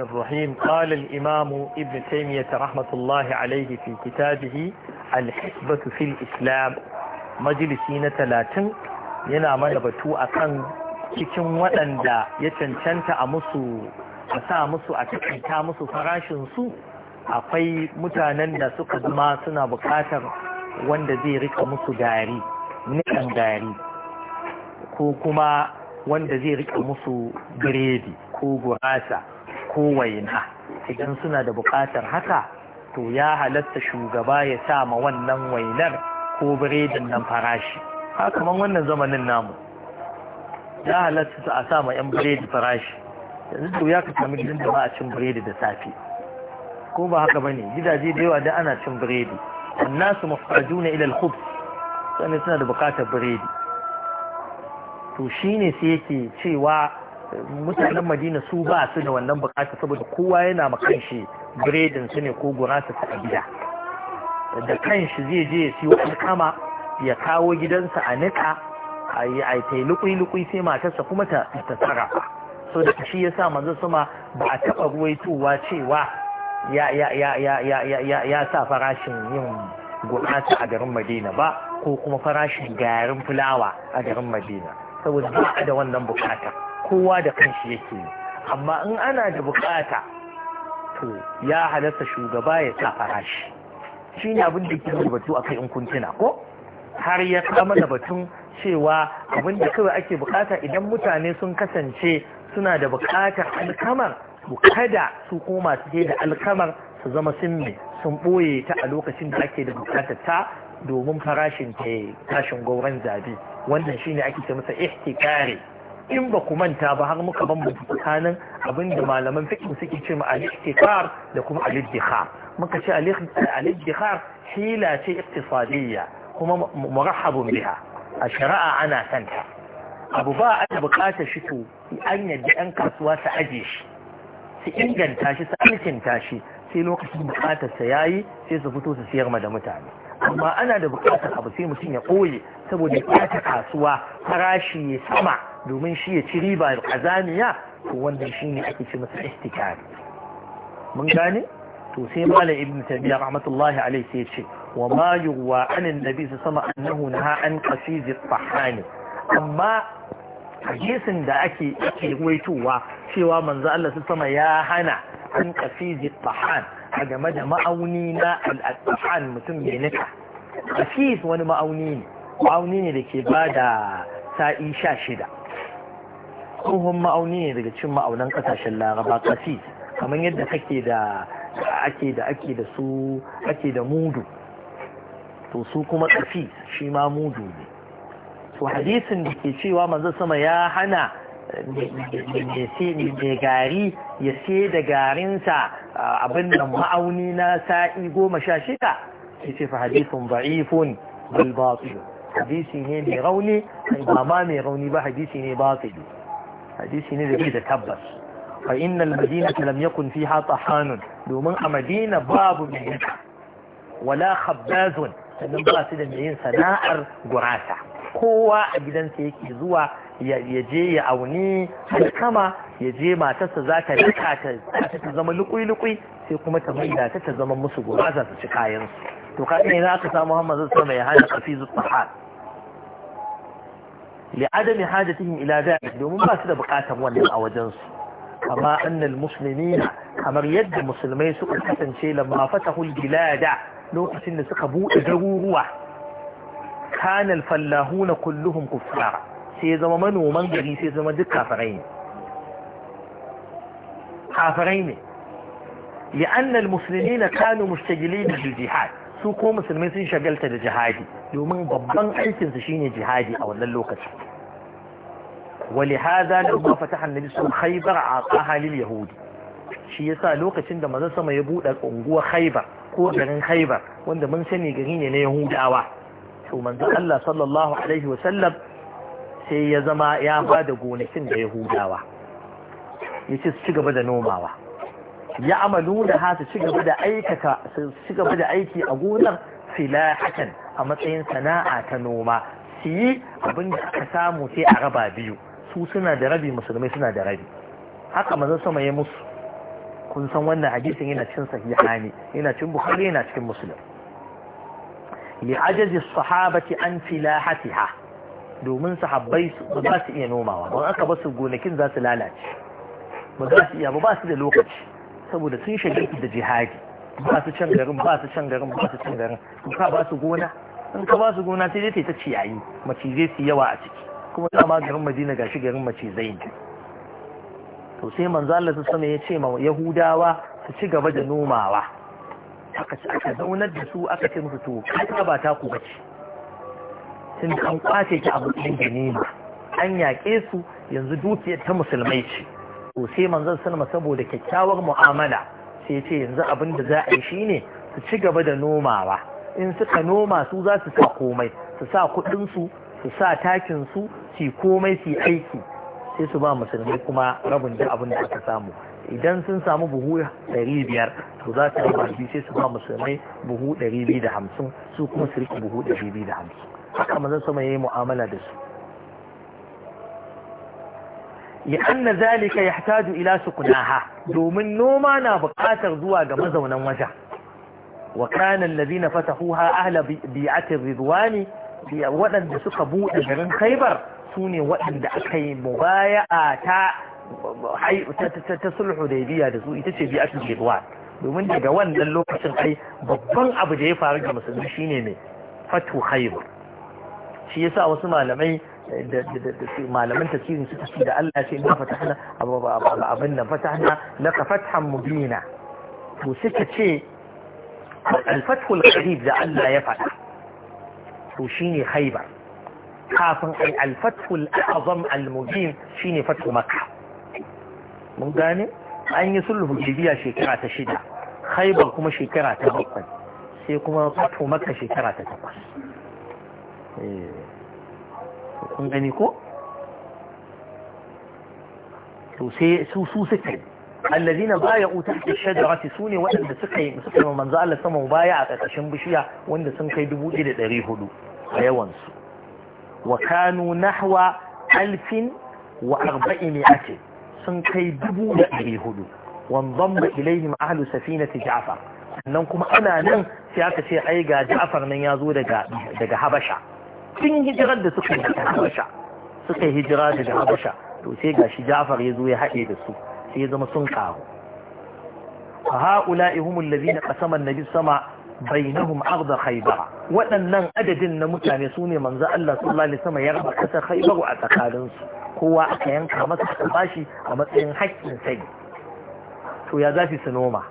الرحيم قال الإمام ابن تيمية رحمة الله عليه في كتابه الحسبة في الإسلام مجلسين ثلاثين ينام يبتو أكن cikin waɗanda ya cancanta a musu a sa musu a takaita musu farashinsu akwai mutanen da suka zama suna bukatar wanda zai rika musu gari nikan gari ko kuma wanda zai rika musu biredi ko gurasa kowaina idan suna da buƙatar haka to ya halatta shugaba ya sa ma wannan wainar ko biredin nan farashi haka wannan zamanin namu ya halatta a sa ma 'yan biredi farashi yanzu to ya ka sami gidan da ba a cin biredi da safe ko ba haka bane gidaje da yawa da ana cin biredi annasu muhtajuna ila al-khubz sannan suna da buƙatar biredi to shine sai yake cewa mutanen madina su ba su da wannan bukata saboda kowa yana ma kanshi biredin su ne ko gurasa su a gida da kanshi zai je ya siyo alkama ya kawo gidansa a nika a yi a ta lukui-lukui sai matarsa kuma ta sarrafa so da shi ya sa manzo suma ba a taɓa ruwaitowa cewa ya sa farashin yin gurasa a garin madina ba ko kuma farashin garin fulawa a garin madina saboda ba da wannan bukata kowa da kanshi yake amma in ana da bukata to ya halarta shugaba ya sa farashi shi ne abin da ke batu a kai in kuntuna ko har ya kama da batun cewa abin da kawai ake bukata idan mutane sun kasance suna da bukatar alkamar kada su koma su da alkamar su zama sun sun ɓoye ta a lokacin da ake da bukatar ta domin farashin ta tashin gauran zabe wannan shine ake ce masa ihtikari in ba ku manta ba har muka mu tsakanin abin da malaman fiqh suke ce ma al da kuma al muka ce al hila ce iktisadiyya kuma murahabun biha a shari'a ana santa abu ba a bukata shi to an yadda yan kasuwa su aje shi su inganta shi su alkinta shi sai lokacin bukatar sa yayi sai su fito su siyar ma da mutane amma ana da bukatar abu sai mutum ya koye saboda ya ta kasuwa farashi ya sama domin shi ya ci riba kazaniya to wannan shi ne ake ci masa ihtikari mun gane to sai malam ibn tabiya rahmatullahi alaihi sai ce wa ma yuwa anan nabi su sama annahu naha an qasizi tahani amma hadisin da ake ake waitowa cewa manzo Allah su sama ya hana an qasizi tahan a game da ma'auni na al-tahan mutum mai nika qasis wani ma'auni ne ma'auni ne da ke bada sa'i sha shida tsohon ma'auni ne daga cin ma'aunan kasashen laraba kasi kamar yadda kake da ake da ake da su ake da mudu to su kuma kafi shi ma mudu ne to hadisin da ke cewa manzo sama ya hana mai gari ya sai da garinsa abin da ma'auni na sa'i goma sha shida ya ce fa hadisin ba'ifun bal hadisi ne mai rauni ba ma mai rauni ba hadisi ne batili hadisi ne da ke da tabbas fa innal madinata lam yakun fiha tahanun domin a madina babu mai wala khabbazun sannan ba su da mai yin sana'ar gurasa kowa a gidansa yake zuwa ya je ya auni alkama ya je matarsa za ta rika ta zama lukui-lukui sai kuma ta maida ta ta zama musu gurasa su ci kayansu to kaɗai ne za ka samu Muhammad zai sama ya hana kafi zuwa لعدم حاجتهم إلى ذلك لهم ما سيدا بقاتهم وانهم أو أما أن المسلمين اما يد المسلمين سوء الحسن شيء لما فتحوا البلاد لو حسن سقبوا إدروا كان الفلاهون كلهم كفار سيدا ومن ومن جري سيدا ومن ذكا فرين حافرين لأن المسلمين كانوا مشتغلين بالجهاد su ko musulmai sun shagalta da jihadi domin babban aikinsu shine jihadi a wannan lokacin ولهذا لما فتح النبي صلى الله haibar a a عقاها Yahudi, shi yasa lokacin da maza sama ya buɗe unguwar Khaibar ko garin Khaibar wanda mun sani gari ne na Yahudawa to manzo Allah sallallahu alaihi wa sallam sai ya zama ya da gonakin da Yahudawa yace su ci gaba da nomawa ya amalu da ha ci gaba da aikata su ci gaba da aiki a gonar filahakan a matsayin sana'a ta noma su yi abin da aka samu sai a raba biyu su suna da rabi musulmai suna da rabi haka mazan sama ya musu kun san wannan hadisin yana cin sahihani yana cin bukhari yana cikin musulun li ajazi sahabati an filahatiha domin sahabbai ba za su iya nomawa ba aka su gonakin za su lalace ba za su iya ba ba su da lokaci saboda sun shagaltu da jihadi ba su can garin ba su can garin ba su can garin in ba su gona in ka ba su gona sai dai ta ciyayi macizai su yawa a ciki kuma ma garin madina gashi garin macizai ne to sai manzo su sama ya ce ma yahudawa su ci gaba da nomawa aka ci zaunar da su aka ce musu to ba ta ku bace sun an kwace ki abu ɗin ganima an yaƙe su yanzu dukiyar ta musulmai ce to sai manzon sallama saboda kyakkyawar mu'amala sai ce yanzu abin da za a yi shine su ci gaba da nomawa in suka noma su za su sa komai su sa kuɗin su su sa takin su su komai su aiki sai su ba musulmi kuma rabin da abin da aka samu idan sun samu buhu 500 to za su yi biyu sai su ba musulmai buhu 250 su kuma su riƙe buhu 250 haka manzon sama yayi mu'amala da su لأن ذلك يحتاج إلى سكناها دومن نوما نابقاتر زوا جمزونا وجه وكان الذين فتحوها أهل بيعة الرضوان waɗanda suka buɗe garin khaibar su ne waɗanda aka yi mubaya'a ta ta sulhu da da su ita ce bi'atul ridwan domin daga wannan lokacin ai babban abu da ya faru ga musulmi shine ne fatu shi yasa wasu malamai malaman tafsirin suka ce da Allah ce na inna fatahna abin nan fatahna laka fathan mubina to suka ce alfatul fathul da Allah ya faɗa to shine haibar kafin ai al-fathul azam al-mubin shine fathu maka mun gane an yi sulhu jibiya shekara ta shida haibar kuma shekara ta bakwai sai kuma fathu maka shekara ta takwas eh. kun gani ko to sai su su suka allazina baya'u tahta shajarati sune waɗanda suka yi suka yi manzo Allah sama baya a ƙarƙashin bishiya wanda sun kai 1400 a yawan su wa kanu nahwa alfin wa arba'in arba'imi'ati sun kai 1400 wanzamma ilaihim ahlu safinati ja'far sannan kuma ana nan sai aka ce ai ga ja'far nan ya zo daga daga habasha tun hijirar da suka yi habasha suka yi hijira daga habasha to sai gashi jafar ya zo ya haɗe da su sai ya zama sun karu fa ha'ula'i humul ladina qasama an-nabi sama bainahum arda khaybar waɗannan adadin na mutane sune manza manzo Allah sallallahu alaihi wasallam ya raba kasar khaybar a tsakanin su kowa aka yanka masa aka bashi a matsayin haƙƙin sai to ya zafi su noma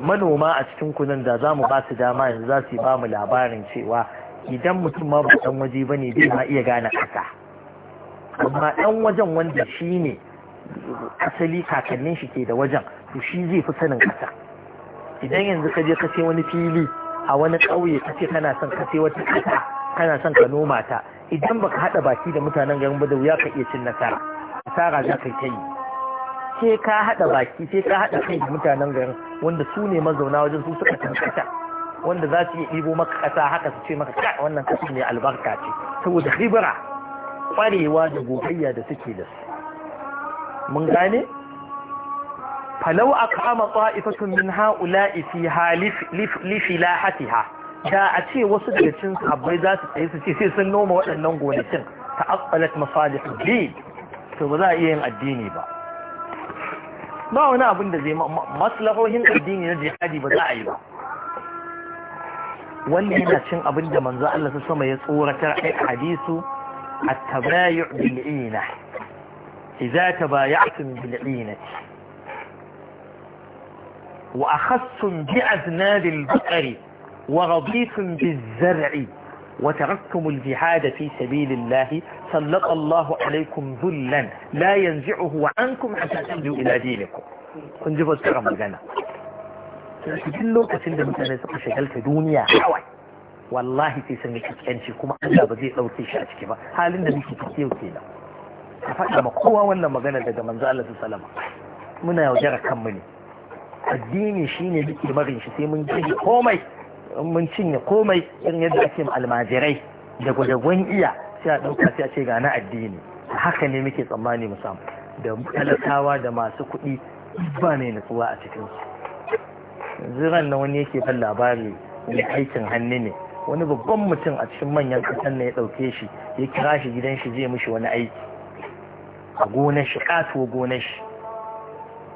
manoma a cikin kunan da za mu ba su dama yanzu za su ba mu labarin cewa idan mutum ma ba ɗan waje ba ne zai ma iya gane ƙasa amma ɗan wajen wanda shi ne asali kakannin shi ke da wajen to shi zai fi sanin ƙasa idan yanzu ka je ka ce wani fili a wani ƙauye ka ce kana son ka ce wata ƙasa kana son ka noma ta idan baka haɗa baki da mutanen garin ba da wuya ka iya cin nasara asara za ka yi ta yi sai ka haɗa baki sai ka haɗa kai da mutanen garin wanda su ne mazauna wajen su suka san ƙasa wanda za su iya ɗibo maka ƙasa haka su ce maka ƙasa wannan ƙasa ne albarka ce saboda ribara ƙwarewa da gogayya da suke da su mun gane falau a kama ta'ifatun min ha'ula'i fi ha da a ce wasu daga cin sabbai za su tsaye su ce sai sun noma waɗannan gonakin ta ta'aqqalat masalihud din to ba za a iya yin addini ba ba wani abin da zai maslahohin addini na jihadi ba za a yi ba wannan yana cin abin da manzo Allah sama ya tsoratar a hadisu at-tabayu bil ina idza tabaya'tum bil ina wa akhassum bi aznad al baqari wa radithum biz zar'i wa taraktum al jihad fi sabilillah sallata Allah zullan dhullan la yanzi'uhu ankum hatta tamdu ila dinikum kun ji fasara magana Sai duk lokacin da mutane suka shagalta duniya kawai wallahi sai sun yi kaskanci kuma Allah ba zai ɗauke shi a ciki ba halin da muke ciki yau kenan ka faɗa ma kowa wannan magana daga manzo Allah su salama muna yaudara kanmu ne addini shine muke marin shi sai mun ji komai mun cinye komai in yadda ake almajirai da gwagwagwan iya sai a ɗauka sai a ce ga na addini haka ne muke tsammani mu samu da talakawa da masu kuɗi ba mai nutsuwa a cikinsu ziran na wani yake kan labari mai aikin hannu ne wani babban mutum a cikin manyan kasar na ya ɗauke shi ya kira shi gidan shi zai mishi wani aiki a gonar shi katuwa gonar shi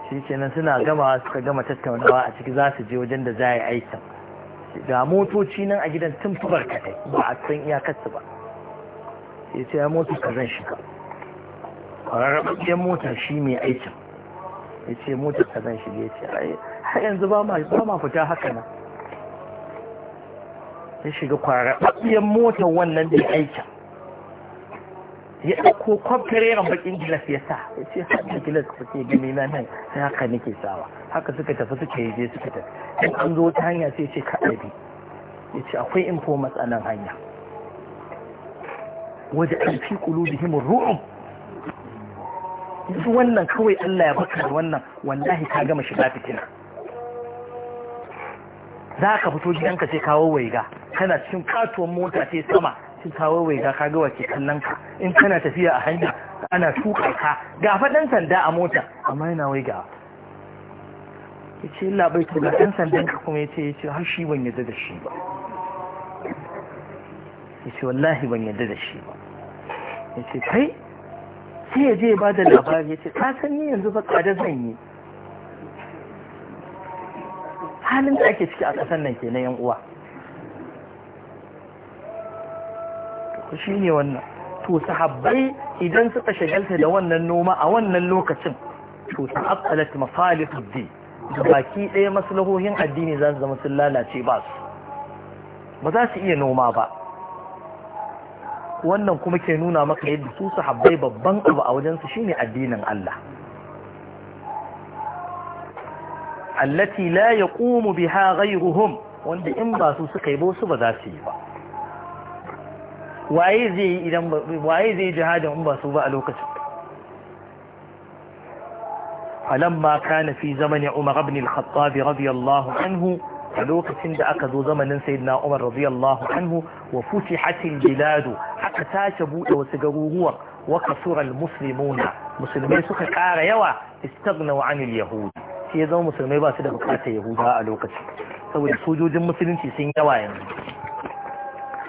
shi kenan suna gama suka gama tattaunawa a ciki za su je wajen da za a yi aikin ga motoci nan a gidan tun fi barkatai ba a san iyakarsu ba sai ce ya motar ka zan shiga kwararrabacciyar motar shi mai aikin ya ce motar ta zan shige ce har yanzu ba ma fita haka nan ya shiga kwara ɓaɓɓiyar motar wannan da ya aika ya ɗauko kwaftareran bakin gilas ya sa ya ce haka gilas ke gani na nan sai haka nake sawa haka suka tafi suka yi je suka tafi in an zo ta hanya sai ce ka ɗabi ya ce akwai informas a nan hanya wajen alfi himar ru'un duk wannan kawai Allah ya baka da wannan wallahi ka gama shiga fitina za ka fito gidanka sai kawo waiga kana cikin katuwar mota sai sama sai kawo waiga ka ga wace kallon ka in kana tafiya a hanya ana tuka ka ga faɗan sanda a mota amma yana waiga ya ce illa bai ta ɗan sandan ka kuma ya ce ya ce har shi ban yadda da shi ba ya ce wallahi ban yadda da shi ba ya ce kai sai ya je ba da labari ya ce ta san ni yanzu ba tsada zan yi halin da ake ciki a ƙasar nan ke na yan uwa shi ne wannan to sahabbai idan suka shagalta da wannan noma a wannan lokacin to ta'abbalat masalihud din baki ɗaya maslahohin addini za su zama sun lalace ba su ba za su iya noma ba wannan kuma ke nuna maka yadda su sahabbai babban abu a wajensu shine addinin Allah allati la yaqumu biha ghayruhum wanda in ba su suka yi ba su ba za su yi ba waye zai yi idan waye zai jihadin in ba su ba a lokacin falamma kana fi zamani umar ibn al-khattab radiyallahu anhu a lokacin da aka zo zamanin sayyidina Umar radiyallahu anhu wa futihatil biladu haka tace bude wasu garuruwan wa kasura almuslimuna musulmai suka kara yawa istaghnaw anil yahud sai ya zama musulmai ba su da bukatar yahuda a lokacin saboda sojojin musulunci sun yawa yanzu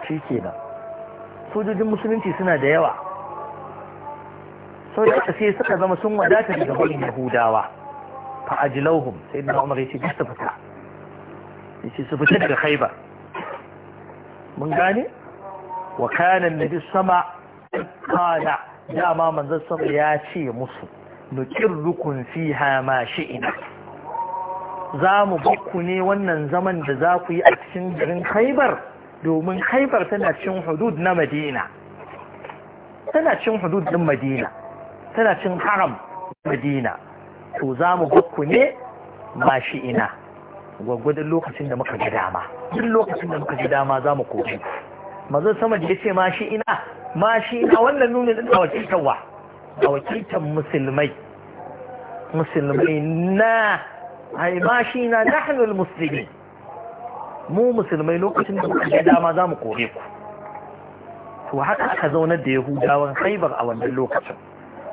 shikenan sojojin musulunci suna da yawa sau da aka sai suka zama sun wadata da barin yahudawa fa ajlauhum sayyidina Umar ya ce fita yace su fita daga khaibar mun gane wa kana nabi sama kana dama manzon sama ya ce musu nukirrukum fiha ma shi'ina za mu bakku ne wannan zaman da za ku yi a cikin garin khaibar domin khaibar tana cin hudud na madina tana cin hudud din madina tana cin haram madina to za mu bakku ne ma shi'ina gwaggwadon lokacin da muka ji dama duk lokacin da muka ji dama za mu koyi mazan sama da ya ce ma shi ina ma shi ina wannan nuni din a wakiltarwa a wakiltar musulmai musulmai na ai ma shi na nahnul musulmi mu musulmai lokacin da muka ji dama za mu kore ku to haka aka zaunar da yahudawan haibar a wannan lokacin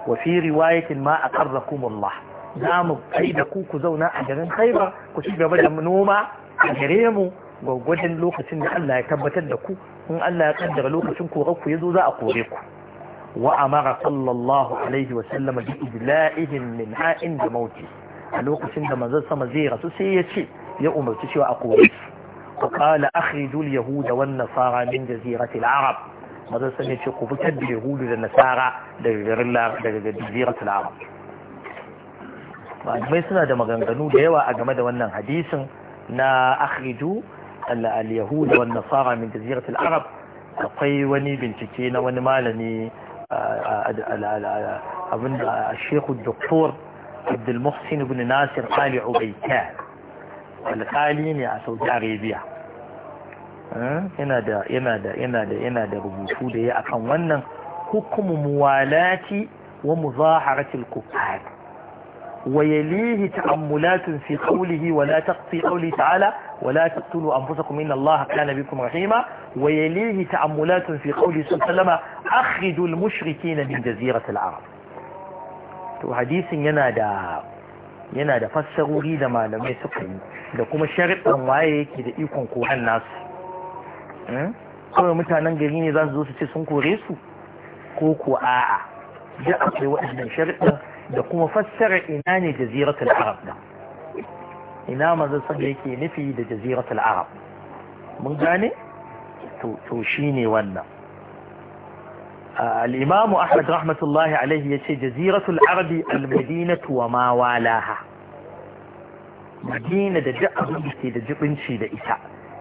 wa fi riwayatin ma aqarrakum Allah za mu kai da ku ku zauna a garin khaibar ku ci gaba da noma a gare mu gwaggwadon lokacin da Allah ya tabbatar da ku in Allah ya kaddara lokacin korar ku zo za a kore ku wa amara sallallahu alaihi wa sallama bi idla'ihim min ha'in da mauti a lokacin da manzon sama zai rasu sai ya ce ya umarci cewa a kore su ku qala akhrijul yahuda wan nasara min jazirati al-arab manzon sama ya ce ku fitar da yahudu da nasara daga garin daga arab malamai suna da maganganu da yawa a game da wannan hadisin na akhriju al-yahud wa nasara min jazirat al-arab akwai wani bincike na wani malami abin da shekhu doktor abdul muhsin ibn nasir ali ubaita alƙali ne a saudi arabia eh, yana da yana da yana da rubutu da ya akan wannan hukumu muwalati wa muzaharatil kuffar ويليه تأملات في قوله ولا تقصي قوله تعالى ولا تقتلوا أنفسكم إن الله كان بكم رحيما ويليه تأملات في قوله صلى الله عليه وسلم أخرجوا المشركين من جزيرة العرب حديث ينادى ينادى فسروري da malamai suka yi da kuma sharaɗin waye yake da ikon koran nasu kawai mutanen gari ne za su zo su ce sun kore su ko ko a'a da akwai waɗannan sharaɗin دقو فسر إناني جزيرة العرب دا إنا ما زي نفي دا جزيرة العرب من جاني توشيني وانا آه، الإمام أحمد رحمة الله عليه يشي جزيرة العرب المدينة وما والاها مدينة دا جأبنشي دا جبنشي دا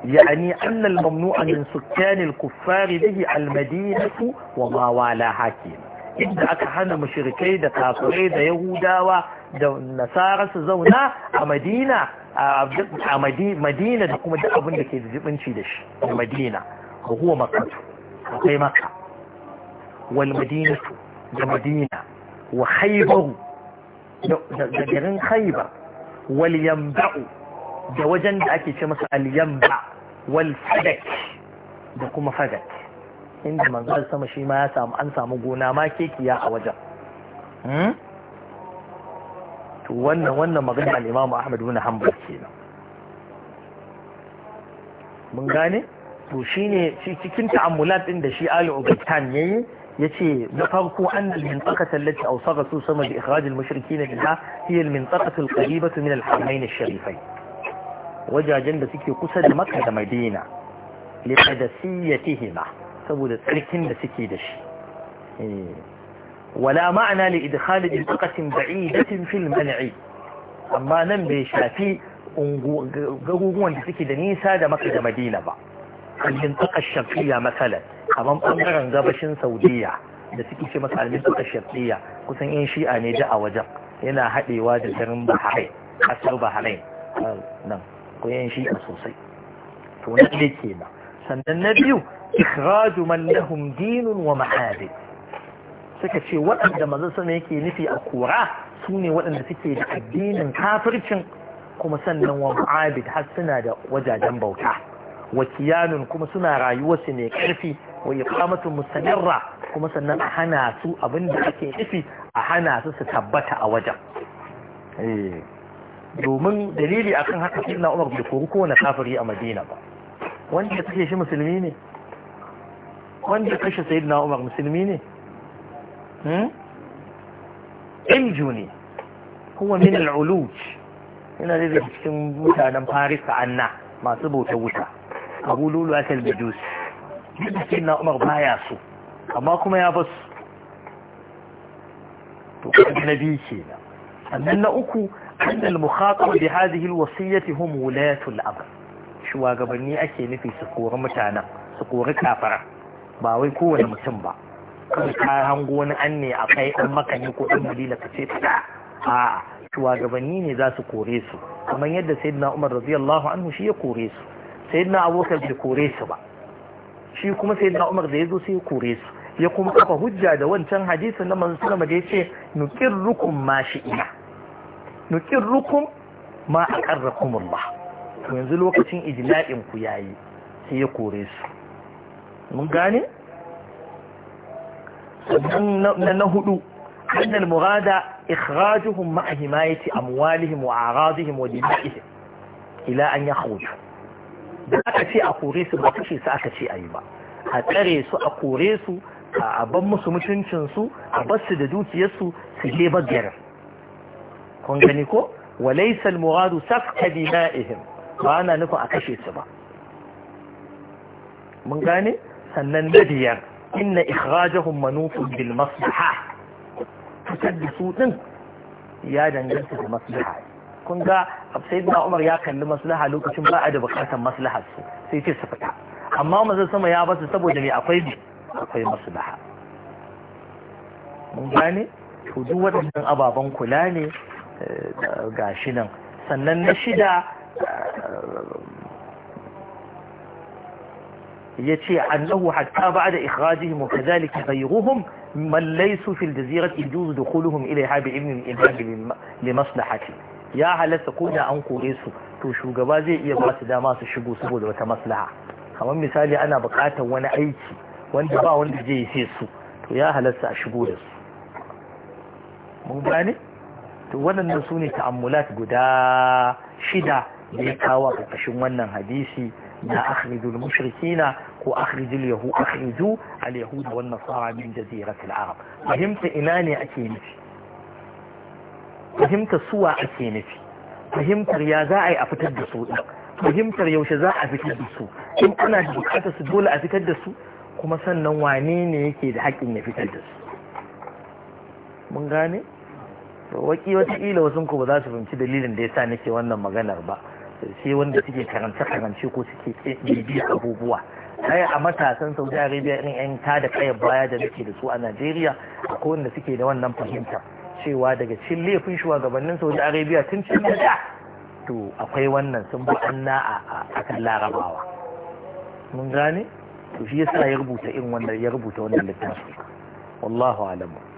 يعني أن الممنوع من سكان الكفار به المدينة وما والاها كينا inda aka hana mashirikai da kafirai da yahudawa da nasara su zauna a madina a madina da kuma duk abin da ke jibinci da shi da madina ko huwa makatu akwai maka wal da madina wa haibaru da garin haibar wal yamba'u da wajen da ake ce masa al yamba wal fadak da kuma fadak inda manzal sama shi ma ya samu an samu gona ma kekiya a wajen hmm? to wannan wannan magana al-Imam Ahmad ibn Hanbal kenan mun gane to ne cikin ta'ammulat ɗin da shi Ali Ubaitan yayi yace na farko an al-mintaqata allati awsaqa rasu sama da ikhraj al na minha hiya al-mintaqatu al-qaribatu min al wajajen da suke kusa da maka da Madina li saboda tsarkin da suke da shi eh, wala ma'ana li idkhali bidqatin ba'idatin fil man'i amma nan bai shafi garuruwan da suke da nisa da maka da madina ba kalmin tsakar shafiya masalan kamar bangaren gabashin saudiya da suke ce masa almin shafiya kusan yan shi'a ne da a wajen yana haɗewa da garin bahrain kasar bahrain nan ko yan shi'a sosai to na ɗaya kenan sannan na biyu ikhraju man lahum dinun wa ma'adin suka ce waɗanda manzon yake nufi a kora su ne waɗanda suke da addinin kafircin kuma sannan wa ma'abid har suna da wajajen bauta wa kiyanun kuma suna rayuwarsu karfi ƙarfi wa iqamatu mustamirra kuma sannan a hana su abin da ake nufi a hana su su tabbata a wajen domin dalili akan haka sayyidina Umar bai kori kowane kafiri a Madina ba wanda ya kashe shi musulmi ne wanda ya kashe sayi na umar musulmi ne? ƙilju hmm? ne kuma min al’uluj yana zai zai cikin mutanen paris anna masu bauta wuta abu lulu ake albedus cikin na umar baya su amma kuma ya basu to kuma na biyu ke na annan na uku annan al-mukhaqa bi hadhihi al-wasiyyati hum wulatul amr shuwagabanni ake nufi su kori mutanen su kori kafara ba wai kowane mutum ba kan ka hango wani an ne a kai an maka ne ko ɗan dalila ka ce ta a shugabanni ne za su kore su kamar yadda sayyidina umar radiyallahu anhu shi ya kore su sayyidina abubakar bai kore su ba shi kuma sayyidina umar da ya zo sai ya kore su ya kuma kafa hujja da wancan hadisin na manzo sallama da ya ce yace nuqirrukum ma Nukin rukun ma aqarrakum Allah to yanzu lokacin ijla'in ku yayi sai ya kore su mun gane sannan na hudu murada أن المراد إخراجهم مع wa أموالهم وأعراضهم ila an أن يخرجوا da aka ce a kore su ba kashe su aka ce a yi ba a tsare su a kore su a ban musu mutuncinsu a bar su da dukiyarsu su je baggarin kun gani ko walaysa al-muradu safka dina'ihim ba ana nufin a kashe su ba mun gane sannan na biyar inna ikhrajahum manufun bil maslaha fitar da su din ya danganta da maslaha kun ga sayyidina Umar ya kalli maslaha lokacin ba a da bukatar maslahar su sai ce su fita amma mazan sama ya basu saboda mai akwai bi akwai maslaha mun gane to duk waɗannan ababen kula ne eh, ga shi nan sannan na shida يتشي عنه حتى بعد إخراجهم وكذلك غيرهم من ليسوا في الجزيرة يجوز دخولهم إليها بإذن الإمام لمصلحة يا هل تقول أن قريسوا توشو قبازي يبعث داماس الشبو سبود وتمصلحة kamar misali ana bukatar wani aiki wanda ba wanda zai sai su to ya halasta a shigo da su mun gane to waɗannan su ne ta'ammulat guda shida da ya kawo a ƙarƙashin wannan hadisi na akhrijul mushrikina ko akhrijul yahu akhriju al yahud wan nasara min jaziratil arab fahimta ina ne ake nufi fahimta suwa ake nufi fahimtar ya za a yi a fitar da su fahimtar yaushe za a fitar da su in ana da bukatar su dole a fitar da su kuma sannan wane ne yake da haƙƙin ya fitar da su mun gane waki wataƙila wasu ku ba za su fahimci dalilin da ya sa nake wannan maganar ba sai wanda suke karance karance ko suke bibiya abubuwa ai a matasan saudi arabia irin yan ta da kayan baya da nake da su a najeriya ko wanda suke da wannan fahimta cewa daga cikin laifin shugabannin saudi arabia tun cin da to akwai wannan sun bi anna a kan larabawa mun gane to shi yasa ya rubuta irin wannan ya rubuta wannan littafin wallahu alamu